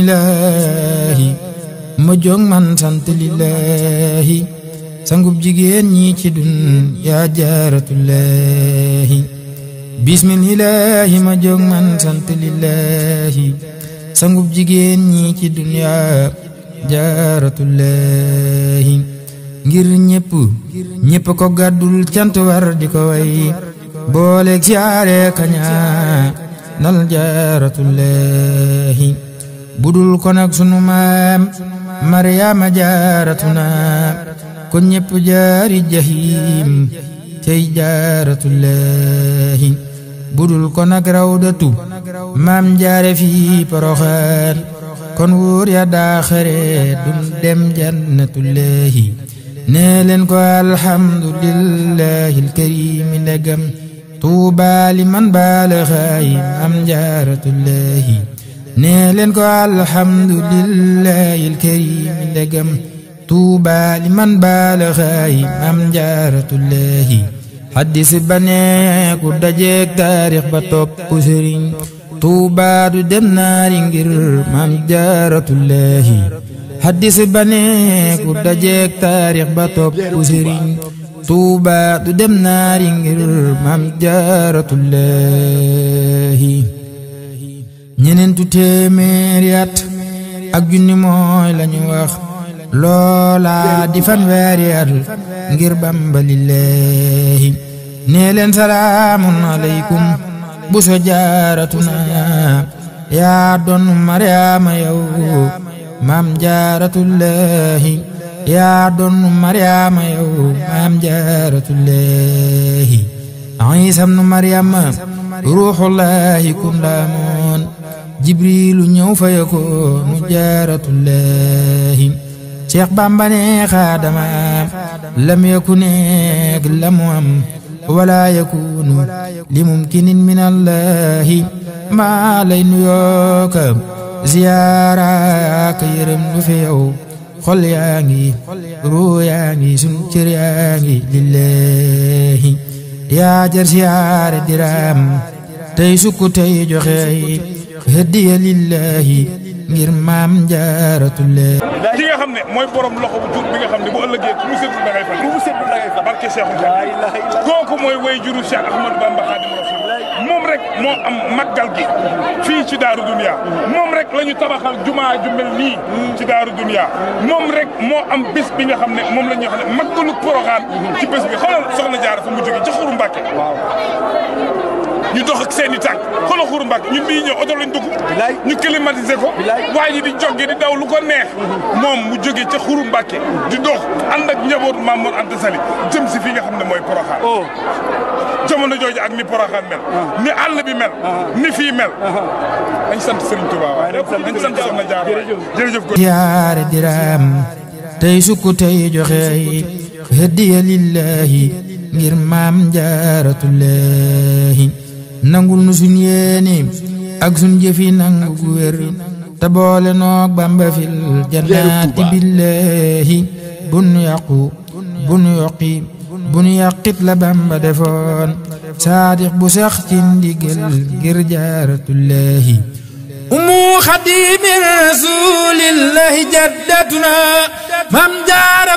ilaahi ma jóg man sant lillaahi sangub jigéen ñi ci dun yaa jaaratullaahi bismillaahi ma jóg man sant lillaahi sangub jigéen ñi ci dun yaa jaaratullaahi ngir ñépp ñépp ko gàddul cant war di ko way booleeg siyaare kaña nal jaaratullaahi budul ko nag sunu mam maryama jaratuna ko ñépp jaari jahim tay jaratullahi budul ko nag rawdatu mam jaare fi poroxaan kon wor ya xere dum dem jannatullahi nee ko alhamdulillahi alkarimi ndegam tuubaali man baalaxaayim am jaaratullaahi nee leen ko alhamdulillahi alkarim ndegam tuuba li man baalaxaayi am njaaratullahi xaddis ba nee ku dajeek taarix ba topp sëriñ tuuba du dem naari ngir maam jaaratullahi xaddis ba nee ku dajeek taarix ba topp sëriñ tuuba du dem naari ngir maam jaaratullahi ñeneentu téeméeri at ak junni mooy lañu wax loola di fanweeri ngir Bamba lillaahi nee leen salaamun bu so jaaratuna yaa doon Mariama yow maam jaaratullaahi yaa doon Mariama yow maam jaaratullaahi Iisa ibnu Mariama ruuxullaahi kun laamu جبريل نيو فيكون جارة الله شيخ بامباني خادما لم يكن اقلمهم ولا يكون لممكن من الله ما لين يوكم زيارة كيرم نفيو خل ياني رو ياني سنكر ياني لله يا جرسيار درام تي سكو تي هدي لله غير ما مجارة الله ليغا خا مني موي بوروم لوخو بو جوب بيغا خا مني بو اولغي كومو سيتو دا غاي فال كومو سيتو دا غاي فال باركي شيخو جان لا اله الا الله كوكو موي وي جورو شيخ احمد بامبا خادم رسول الله موم ريك مو ام ماغال جي في سي دارو دنيا موم ريك لا نيو تاباخال جمعة جو مل ني سي دارو دنيا موم ريك مو ام بيس بيغا خا مني موم لا نيو خا مني ماغالو بروغان سي بيس بي خول سوخنا جار فمو جوغي جخورو مباكي واو ñu dox ak seen i tànk xoolal Khourou Mbacke ñun bi ñëw oto lañ dugg. ñu climatisé ko. waaye ñi di jogge di daw lu ko neex. moom mu jóge ca Khourou Mbacke di dox ànd ak njaboot Mamour Anta Sali jëm si fi nga xam ne mooy Porokhane. jamono jooju ak ni Porokhane mel. ni àll bi mel. ni fii mel. dañ sant Serigne Touba waaye dañ sant Soxna Diarra waaye jërëjëf. jaare diraam tey sukk tey joxe hadiya lillahi ngir maam jaaratullahi nangul nu suñ yéeni ak suñ jëfi nangu gu wér boole noog bamba fil jannaati billahi bu nu yàqu bu nu yoqi bu nu la bamba defoon saadix bu sax ci ndigal ngir jaaratullahi umu xadimi rasulillahi jaddatuna mam jaara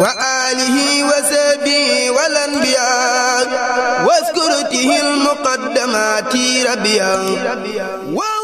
وآله وسبي والأنبياء واذكرته المقدمات ربيا